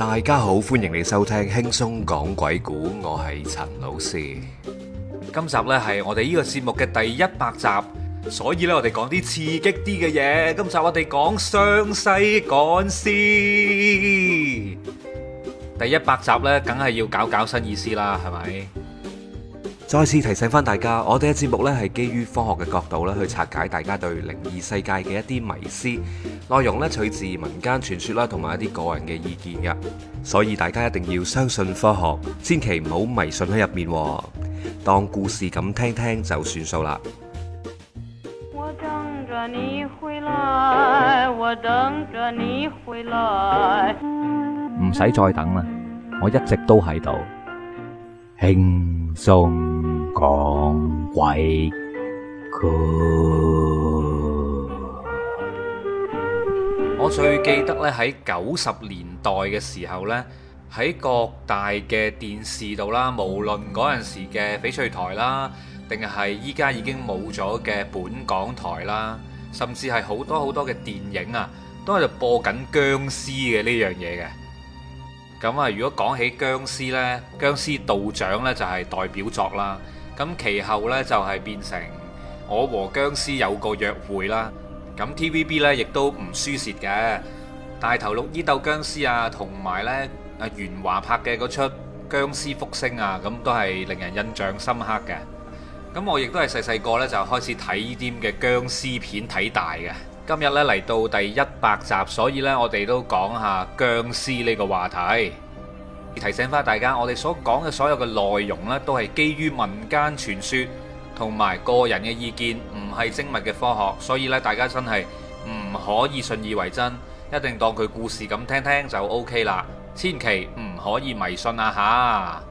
大家好，歡迎你收聽輕鬆講鬼故。我係陳老師。今集呢係我哋呢個節目嘅第一百集，所以呢，我哋講啲刺激啲嘅嘢。今集我哋講湘西趕屍，第一百集呢，梗係要搞搞新意思啦，係咪？再次提醒翻大家，我哋嘅節目呢係基於科學嘅角度呢去拆解大家對靈異世界嘅一啲迷思，內容呢取自民間傳說啦，同埋一啲個人嘅意見嘅，所以大家一定要相信科學，千祈唔好迷信喺入面，當故事咁聽聽就算數啦。我等著你回來，我等著你回來。唔使再等啦，我一直都喺度，輕鬆講鬼故，我最記得咧喺九十年代嘅時候呢，喺各大嘅電視度啦，無論嗰陣時嘅翡翠台啦，定係依家已經冇咗嘅本港台啦，甚至係好多好多嘅電影啊，都喺度播緊殭屍嘅呢樣嘢嘅。咁啊，如果講起殭屍呢，「殭屍道長」呢就係代表作啦。咁其後呢就係、是、變成我和僵屍有個約會啦，咁 TVB 呢亦都唔輸蝕嘅，大頭綠衣鬥僵屍啊，同埋呢阿元華拍嘅嗰齣僵屍福星啊，咁都係令人印象深刻嘅。咁我亦都係細細個呢就開始睇呢啲嘅僵屍片睇大嘅，今日呢嚟到第一百集，所以呢我哋都講下僵屍呢個話題。提醒翻大家，我哋所講嘅所有嘅內容咧，都係基於民間傳說同埋個人嘅意見，唔係精密嘅科學，所以咧，大家真係唔可以信以為真，一定當佢故事咁聽聽就 OK 啦，千祈唔可以迷信啊！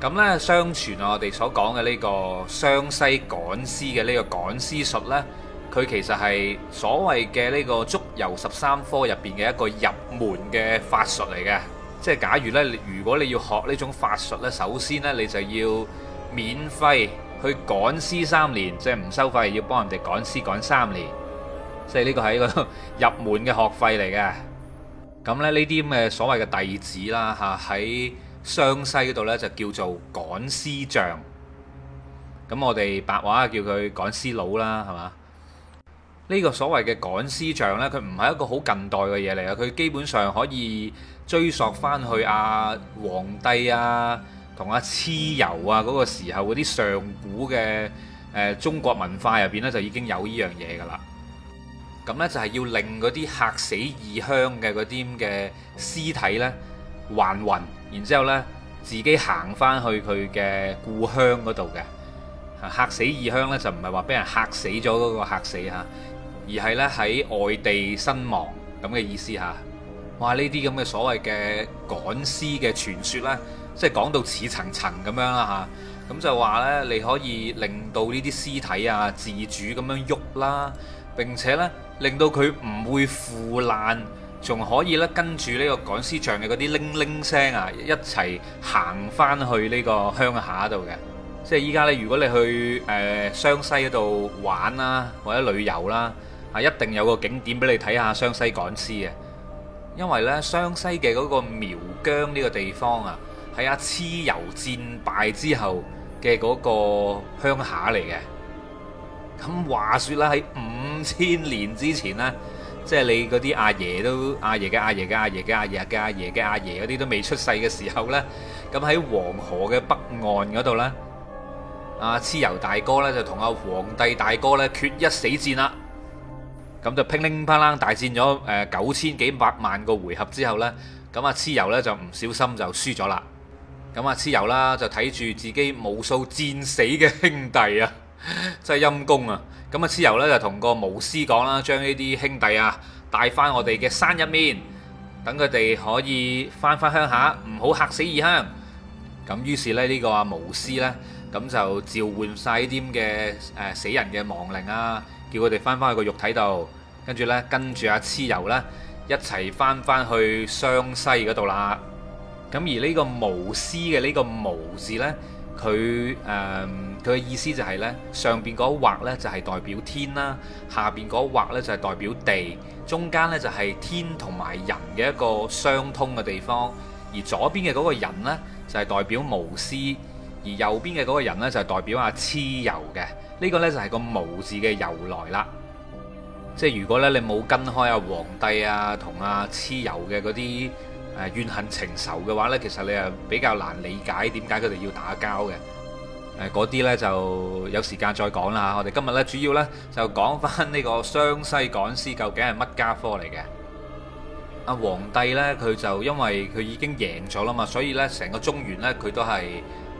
吓咁呢，相傳我哋所講嘅呢個湘西趕屍嘅呢個趕屍術呢，佢其實係所謂嘅呢、呢個祝由十三科入邊嘅一個入門嘅法術嚟嘅。即係假如咧，如果你要學呢種法術咧，首先咧你就要免費去趕屍三年，即係唔收費，要幫人哋趕屍趕三年，即係呢個係一個入門嘅學費嚟嘅。咁咧呢啲咁嘅所謂嘅弟子啦，吓喺湘西嗰度咧就叫做趕屍匠，咁我哋白話叫佢趕屍佬啦，係嘛？呢、這個所謂嘅趕屍像呢，佢唔係一個好近代嘅嘢嚟啊！佢基本上可以追溯翻去阿黃帝啊同阿蚩尤啊嗰個時候嗰啲上古嘅誒、呃、中國文化入邊呢，就已經有呢樣嘢㗎啦。咁呢，就係要令嗰啲客死異鄉嘅嗰啲嘅屍體呢還魂，然之後呢，自己行翻去佢嘅故鄉嗰度嘅客死異鄉呢，就唔係話俾人嚇死咗嗰個嚇死嚇。而係咧，喺外地身亡咁嘅意思嚇，哇！呢啲咁嘅所謂嘅趕屍嘅傳說咧，即係講到似層層咁樣啦嚇，咁就話呢，你可以令到呢啲屍體啊自主咁樣喐啦，並且呢，令到佢唔會腐爛，仲可以呢，跟住呢個趕屍匠嘅嗰啲鈴鈴聲啊一齊行翻去呢個鄉下度嘅。即係依家呢，如果你去誒、呃、湘西嗰度玩啦，或者旅遊啦。一定有一個景點俾你睇下湘西趕屍嘅，因為呢，湘西嘅嗰個苗疆呢個地方啊，係阿蚩尤戰敗之後嘅嗰個鄉下嚟嘅。咁話說啦，喺五千年之前呢，即係你嗰啲阿爺都阿爺嘅阿爺嘅阿爺嘅阿爺嘅阿爺嘅阿爺嗰啲都未出世嘅時候呢，咁喺黃河嘅北岸嗰度呢，阿蚩尤大哥呢，就同阿皇帝大哥呢決一死戰啦。咁就噼鈴啪啦大戰咗誒九千幾百萬個回合之後呢，咁阿蚩尤呢就唔小心就輸咗啦。咁阿蚩尤啦就睇住自己無數戰死嘅兄弟啊，真係陰公啊！咁阿蚩尤呢就同個巫師講啦，將呢啲兄弟啊帶翻我哋嘅山入面，等佢哋可以翻返鄉下，唔好吓死異鄉。咁於是呢，呢個阿巫師呢，咁就召喚晒啲嘅誒死人嘅亡靈啊，叫佢哋翻返去個肉體度。跟住呢，跟住阿蚩尤呢，一齊翻翻去湘西嗰度啦。咁而呢個巫師嘅呢個巫字呢，佢誒佢嘅意思就係呢：上邊嗰畫呢，就係、是、代表天啦，下邊嗰畫呢，就係、是、代表地，中間呢，就係、是、天同埋人嘅一個相通嘅地方。而左邊嘅嗰個人呢，就係、是、代表巫師，而右邊嘅嗰個人呢，就係、是、代表阿蚩尤嘅。呢、這個呢，就係、是、個巫字嘅由來啦。即係如果咧你冇跟開阿皇帝啊同阿蚩尤嘅嗰啲誒怨恨情仇嘅話呢，其實你誒比較難理解點解佢哋要打交嘅。誒嗰啲呢就有時間再講啦。我哋今日呢，主要呢就講翻呢個湘西趕屍究竟係乜家科嚟嘅？阿皇帝呢，佢就因為佢已經贏咗啦嘛，所以呢成個中原呢，佢都係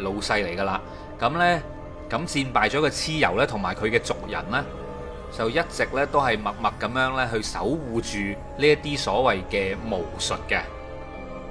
老細嚟噶啦。咁呢，咁戰敗咗嘅蚩尤呢，同埋佢嘅族人呢，就一直咧都係默默咁樣咧去守護住呢一啲所謂嘅巫術嘅，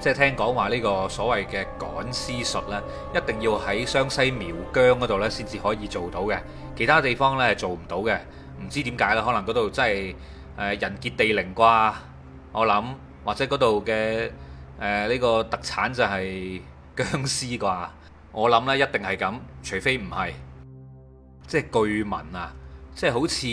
即係聽講話呢個所謂嘅趕屍術呢，一定要喺湘西苗疆嗰度呢先至可以做到嘅，其他地方咧做唔到嘅。唔知點解啦，可能嗰度真係人傑地靈啩，我諗或者嗰度嘅誒呢個特產就係僵屍啩，我諗呢一定係咁，除非唔係，即係據聞啊。即係好似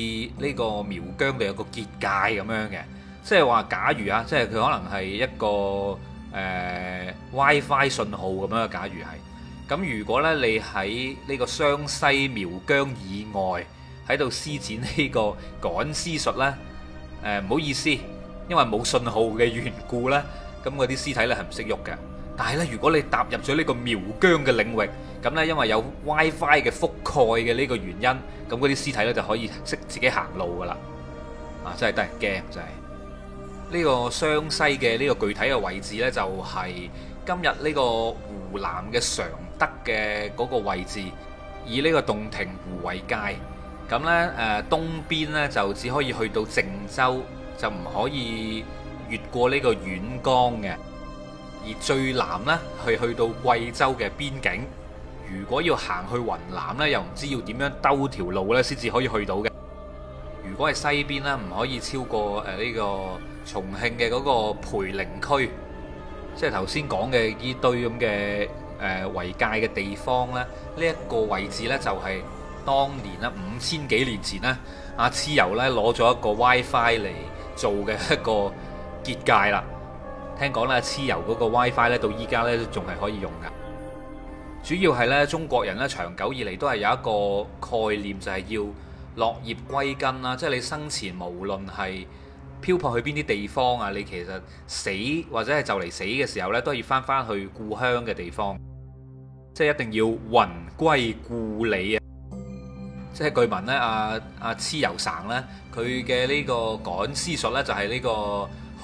呢個苗疆嘅有個結界咁樣嘅，即係話假如啊，即係佢可能係一個、呃、WiFi 信號咁樣。假如係咁，如果呢你喺呢個湘西苗疆以外喺度施展呢個趕屍術呢，呃，唔好意思，因為冇信號嘅緣故呢，咁嗰啲屍體呢，係唔識喐嘅。但係咧，如果你踏入咗呢個苗疆嘅領域，咁呢，因為有 WiFi 嘅覆蓋嘅呢個原因，咁嗰啲屍體呢就可以識自己行路噶啦，啊，真係得人驚，真係。呢、這個湘西嘅呢、這個具體嘅位置呢，就係今日呢個湖南嘅常德嘅嗰個位置，以呢個洞庭湖為界。咁呢，誒、呃、東邊咧就只可以去到鄭州，就唔可以越過呢個沅江嘅。而最南呢，係去到貴州嘅邊境。如果要行去雲南呢，又唔知要點樣兜條路呢，先至可以去到嘅。如果係西邊呢，唔可以超過誒呢個、呃這個重慶嘅嗰個涪陵區，即係頭先講嘅呢堆咁嘅誒圍界嘅地方咧。呢、這、一個位置呢，就係當年啦，五千幾年前呢，阿蚩尤呢攞咗一個 WiFi 嚟做嘅一個結界啦。聽講咧，蚩尤嗰個 WiFi 咧，到依家咧仲係可以用噶。主要係咧，中國人咧長久以嚟都係有一個概念就係、是、要落葉歸根啦，即係你生前無論係漂泊去邊啲地方啊，你其實死或者係就嚟死嘅時候咧，都要翻翻去故鄉嘅地方，即係一定要魂歸故里啊！即係據聞咧，阿阿蚩尤省咧，佢嘅呢個趕屍術咧就係呢、這個。控制。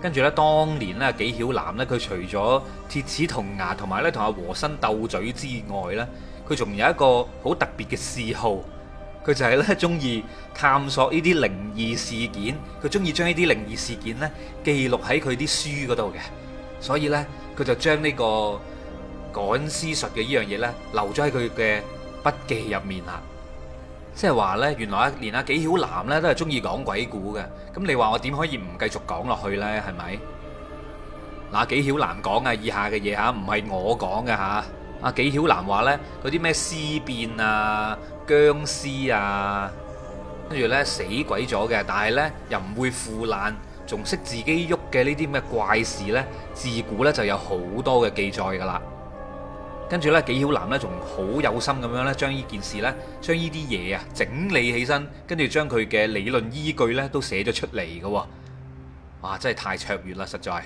跟住咧，當年咧，紀曉嵐咧，佢除咗鐵齒銅牙同埋咧，同阿和珅鬥嘴之外咧，佢仲有一個好特別嘅嗜好，佢就係咧，中意探索呢啲靈異事件，佢中意將呢啲靈異事件咧，記錄喺佢啲書嗰度嘅，所以咧，佢就將呢個趕屍術嘅呢樣嘢咧，留咗喺佢嘅筆記入面啦。即係話呢，原來連阿紀曉嵐呢都係中意講鬼故嘅，咁你話我點可以唔繼續講落去呢？係咪？嗱，紀曉嵐講啊，以下嘅嘢吓，唔係我講嘅吓。阿紀曉嵐話呢，嗰啲咩屍變啊、僵屍啊，跟住呢死鬼咗嘅，但係呢又唔會腐爛，仲識自己喐嘅呢啲咩怪事呢？自古呢就有好多嘅記載噶啦。跟住呢，紀曉嵐呢仲好有心咁樣呢，將呢件事呢，將呢啲嘢啊整理起身，跟住將佢嘅理論依據呢都寫咗出嚟喎。哇，真係太卓越啦，實在。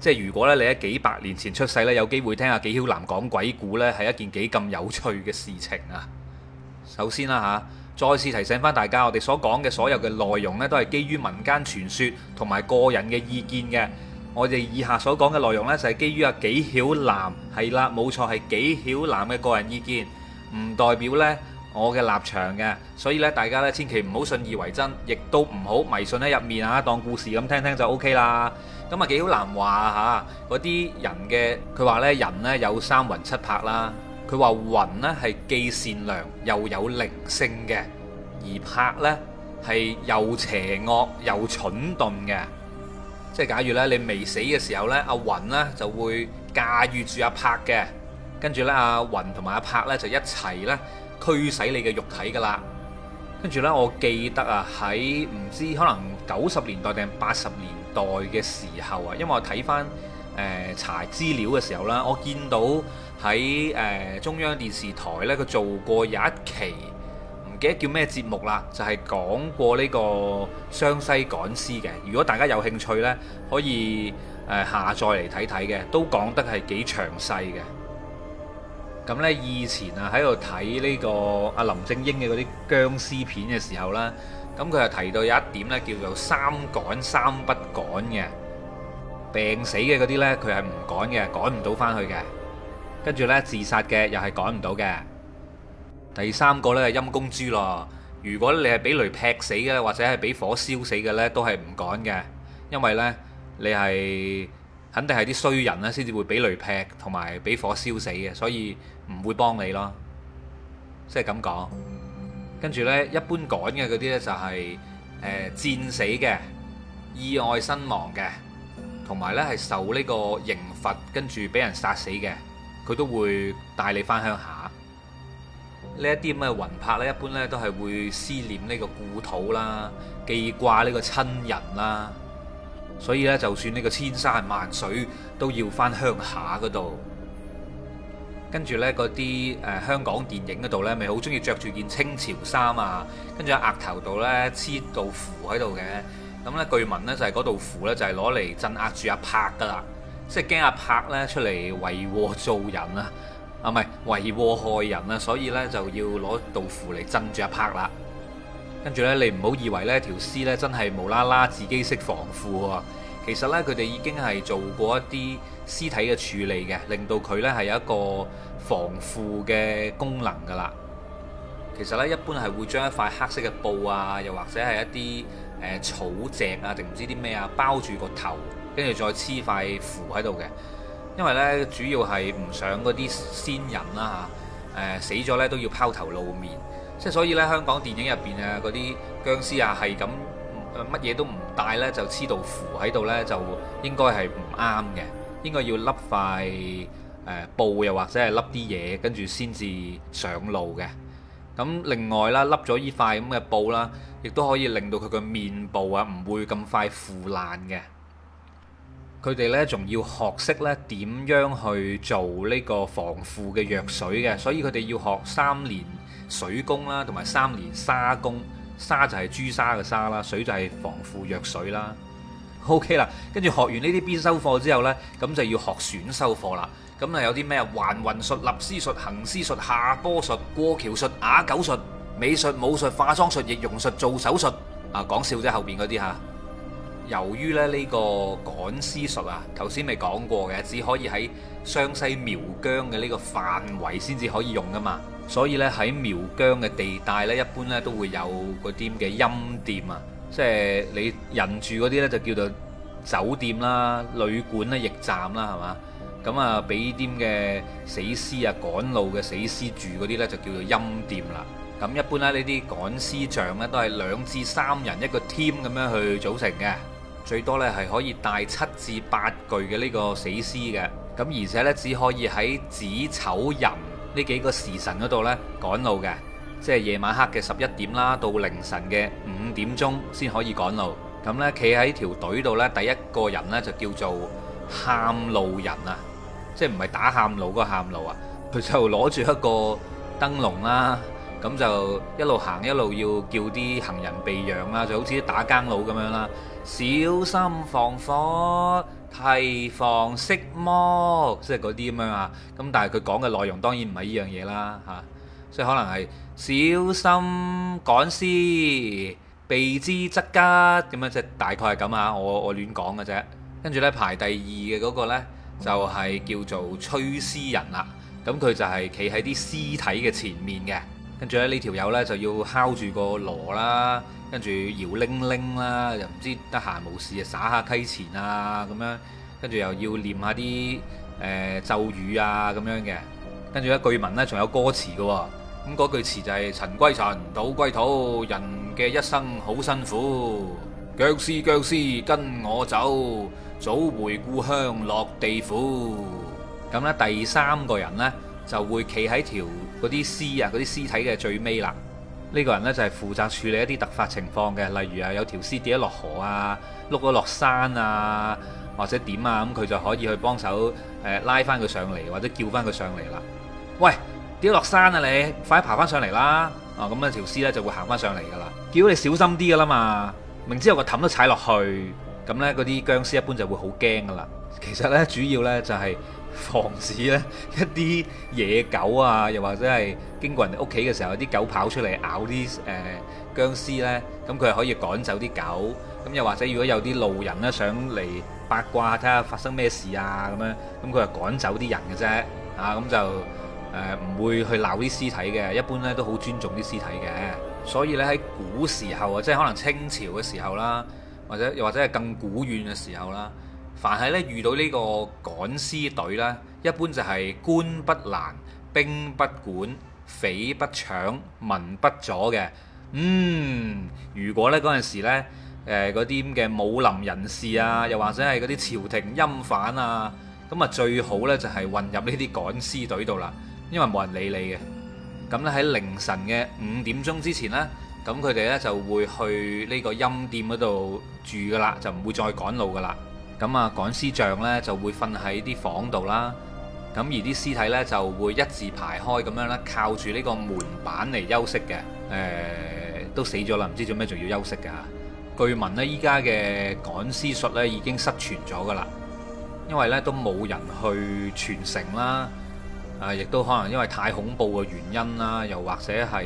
即係如果咧你喺幾百年前出世呢，有機會聽下紀曉嵐講鬼故呢，係一件幾咁有趣嘅事情啊。首先啦吓，再次提醒翻大家，我哋所講嘅所有嘅內容呢，都係基於民間傳說同埋個人嘅意見嘅。我哋以下所講嘅內容呢，就係基於阿紀曉嵐係啦，冇錯係紀曉嵐嘅個人意見，唔代表呢我嘅立場嘅，所以呢，大家呢，千祈唔好信以為真，亦都唔好迷信喺入面啊，當故事咁聽聽就 OK 啦。咁啊，紀曉嵐話嚇嗰啲人嘅，佢話呢，人呢有三魂七魄啦，佢話魂呢係既善良又有靈性嘅，而魄呢係又邪惡又蠢鈍嘅。即係假如咧，你未死嘅時候咧，阿雲咧就會駕馭住阿柏嘅，跟住咧阿雲同埋阿柏咧就一齊咧驅使你嘅肉體噶啦。跟住咧，我記得啊，喺唔知可能九十年代定八十年代嘅時候啊，因為我睇翻誒查資料嘅時候啦，我見到喺誒中央電視台咧，佢做過有一期。叫咩節目啦，就係講過呢個湘西趕屍嘅，如果大家有興趣呢，可以下載嚟睇睇嘅，都講得係幾詳細嘅。第三個咧陰公豬咯，如果你係俾雷劈死嘅，或者係俾火燒死嘅呢，都係唔趕嘅，因為呢，你係肯定係啲衰人咧先至會俾雷劈同埋俾火燒死嘅，所以唔會幫你咯，即係咁講。跟住呢，一般趕嘅嗰啲呢，就係誒戰死嘅、意外身亡嘅，同埋呢係受呢個刑罰跟住俾人殺死嘅，佢都會帶你返鄉下。呢一啲咁嘅魂魄咧，一般咧都係會思念呢個故土啦，記掛呢個親人啦，所以咧就算呢個千山萬水都要返鄉下嗰度。跟住咧嗰啲誒香港電影嗰度咧，咪好中意着住件清朝衫啊，跟住喺額頭度咧黐道符喺度嘅，咁咧據聞咧就係嗰道符咧就係攞嚟鎮壓住阿柏㗎喇，即係驚阿柏咧出嚟為禍造人啊！啊，唔係為禍害人啦，所以咧就要攞道符嚟鎮住一拍啦。跟住咧，你唔好以為呢條屍咧真係無啦啦自己識防腐喎。其實咧佢哋已經係做過一啲屍體嘅處理嘅，令到佢咧係有一個防腐嘅功能噶啦。其實咧一般係會將一塊黑色嘅布啊，又或者係一啲誒草席啊，定唔知啲咩啊，包住個頭，跟住再黐塊符喺度嘅。因為咧，主要係唔想嗰啲先人啦吓誒死咗咧都要拋頭露面，即係所以咧香港電影入面啊嗰啲僵屍啊係咁乜嘢都唔帶咧就黐到符喺度咧就應該係唔啱嘅，應該要笠塊誒布又或者係笠啲嘢跟住先至上路嘅。咁另外啦，笠咗依塊咁嘅布啦，亦都可以令到佢嘅面部啊唔會咁快腐爛嘅。佢哋呢仲要學識呢點樣去做呢個防腐嘅藥水嘅，所以佢哋要學三年水工啦，同埋三年沙工。沙就係朱砂嘅沙啦，水就係防腐藥水啦。OK 啦，跟住學完呢啲必修課之後呢，咁就要學選修課啦。咁啊有啲咩啊？還魂術、立屍術、行屍術、下波術、過橋術、雅九術、美術、武術、化妝術、易容術、做手術。啊，講笑啫，後面嗰啲吓。由於咧呢個趕屍術啊，頭先未講過嘅，只可以喺湘西苗疆嘅呢個範圍先至可以用噶嘛。所以咧喺苗疆嘅地帶咧，一般咧都會有嗰啲嘅陰店啊，即係你人住嗰啲咧就叫做酒店啦、旅館啦、驛站啦，係嘛？咁啊俾啲嘅死屍啊趕路嘅死屍住嗰啲咧就叫做陰店啦。咁一般咧呢啲趕屍匠咧都係兩至三人一個 team 咁樣去組成嘅。最多咧係可以帶七至八具嘅呢個死屍嘅，咁而且咧只可以喺子丑寅呢幾個時辰嗰度咧趕路嘅，即係夜晚黑嘅十一點啦，到凌晨嘅五點鐘先可以趕路。咁咧，企喺條隊度咧，第一個人咧就叫做喊路人啊，即係唔係打喊路嗰個喊路啊，佢就攞住一個燈籠啦，咁就一路行一路要叫啲行人避讓啦，就好似打更佬咁樣啦。小心防火，提防色魔，即係嗰啲咁樣啊。咁但係佢講嘅內容當然唔係呢樣嘢啦，吓，所以可能係小心趕屍，避之則吉咁樣，即係大概係咁啊。我我亂講嘅啫。跟住呢，排第二嘅嗰個呢，就係叫做吹屍人啦。咁佢就係企喺啲屍體嘅前面嘅。跟住咧呢條友呢，就要敲住個鑼啦，跟住搖鈴鈴啦，又唔知得閒無事就撒下溪錢啊咁樣，跟住又要念下啲、呃、咒語啊咁樣嘅，跟住一句文呢，仲有歌詞嘅，咁嗰句詞就係塵歸塵，土 歸土，人嘅一生好辛苦，殭屍殭屍跟我走，早回故鄉落地府。咁呢，第三個人呢。就會企喺條嗰啲屍啊、嗰啲屍體嘅最尾啦。呢、這個人呢，就係、是、負責處理一啲突發情況嘅，例如啊有條屍跌咗落河啊、碌咗落山啊，或者點啊，咁、嗯、佢就可以去幫手、呃、拉翻佢上嚟，或者叫翻佢上嚟啦。喂，跌咗落山啊你，快啲爬翻上嚟啦！啊、哦，咁啊條屍呢，就會行翻上嚟噶啦。叫你小心啲噶啦嘛，明知有個氹都踩落去，咁呢，嗰啲僵屍一般就會好驚噶啦。其實呢，主要呢，就係、是。防止咧一啲野狗啊，又或者係經過人哋屋企嘅時候，啲狗跑出嚟咬啲誒殭屍呢，咁佢係可以趕走啲狗。咁又或者如果有啲路人呢，想嚟八卦睇下發生咩事啊咁樣，咁佢係趕走啲人嘅啫。啊，咁就誒唔會去鬧啲屍體嘅，一般呢都好尊重啲屍體嘅。所以呢，喺古時候啊，即係可能清朝嘅時候啦，或者又或者係更古遠嘅時候啦。凡係咧遇到呢個趕屍隊呢，一般就係官不難、兵不管、匪不搶、民不阻嘅。嗯，如果呢嗰陣時呢嗰啲嘅武林人士啊，又或者係嗰啲朝廷欽犯啊，咁啊最好呢就係混入呢啲趕屍隊度啦，因為冇人理你嘅。咁咧喺凌晨嘅五點鐘之前呢，咁佢哋呢就會去呢個陰店嗰度住噶啦，就唔會再趕路噶啦。咁啊，趕屍匠咧就會瞓喺啲房度啦。咁而啲屍體咧就會一字排開咁樣啦，靠住呢個門板嚟休息嘅。誒、呃、都死咗啦，唔知做咩仲要休息嘅。據聞呢，依家嘅趕屍術咧已經失傳咗噶啦，因為咧都冇人去傳承啦。誒、啊，亦都可能因為太恐怖嘅原因啦，又或者係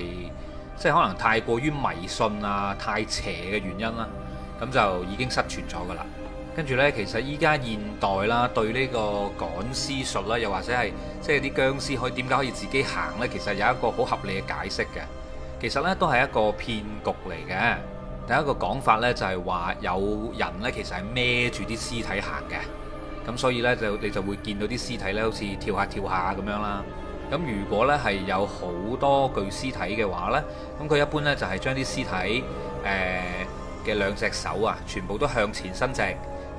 即係可能太過於迷信啊，太邪嘅原因啦，咁就已經失傳咗噶啦。跟住呢，其實依家現代啦，對呢個趕屍術啦，又或者係即係啲僵屍，可以點解可以自己行呢？其實有一個好合理嘅解釋嘅。其實呢，都係一個騙局嚟嘅。第一個講法呢，就係話有人呢，其實係孭住啲屍體行嘅。咁所以呢，就你就會見到啲屍體呢，好似跳下跳下咁樣啦。咁如果呢，係有好多具屍體嘅話呢，咁佢一般呢，就係將啲屍體誒嘅兩隻手啊，全部都向前伸直。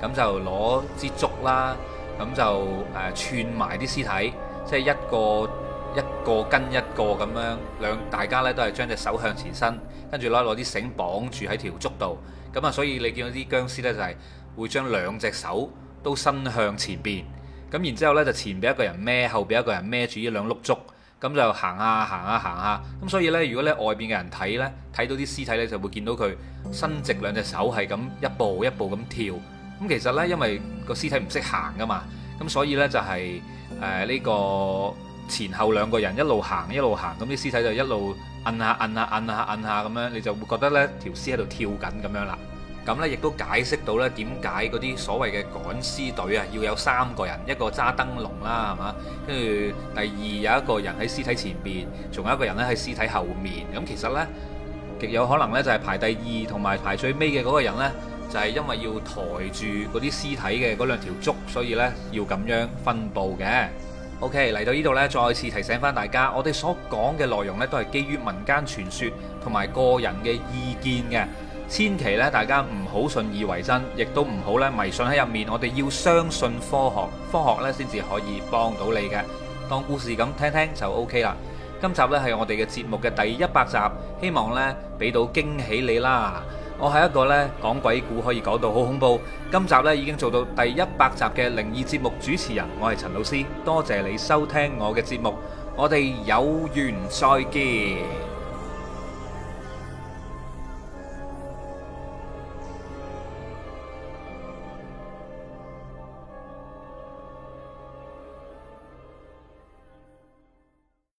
咁就攞支竹啦，咁就串埋啲屍體，即係一個一個跟一個咁樣，兩大家呢都係將隻手向前伸，跟住攞攞啲繩綁住喺條竹度。咁啊，所以你見到啲僵屍呢，就係會將兩隻手都伸向前邊。咁然之後呢，就前邊一個人孭，後邊一個人孭住呢兩碌竹，咁就行下行下行下。咁所以呢，如果呢外邊嘅人睇呢，睇到啲屍體呢，就會見到佢伸直兩隻手係咁一步一步咁跳。咁其實呢，因為個屍體唔識行噶嘛，咁所以呢，就係誒呢個前後兩個人一路行一路行，咁啲屍體就一路摁下摁下摁下摁下咁樣，你就會覺得呢條屍喺度跳緊咁樣啦。咁呢亦都解釋到呢點解嗰啲所謂嘅趕屍隊啊要有三個人，一個揸燈籠啦，係嘛？跟住第二有一個人喺屍體前面，仲有一個人咧喺屍體後面。咁、嗯、其實呢，極有可能呢，就係排第二同埋排最尾嘅嗰個人呢。就係因為要抬住嗰啲屍體嘅嗰兩條竹，所以呢，要咁樣分布嘅。OK，嚟到呢度呢，再次提醒翻大家，我哋所講嘅內容呢，都係基於民間傳說同埋個人嘅意見嘅，千祈呢，大家唔好信以為真，亦都唔好呢，迷信喺入面。我哋要相信科學，科學呢先至可以幫到你嘅。當故事咁聽聽就 OK 啦。今集呢，係我哋嘅節目嘅第一百集，希望呢，俾到驚喜你啦。我係一個咧講鬼故可以講到好恐怖，今集咧已經做到第一百集嘅靈異節目主持人，我係陳老師，多謝你收聽我嘅節目，我哋有緣再見。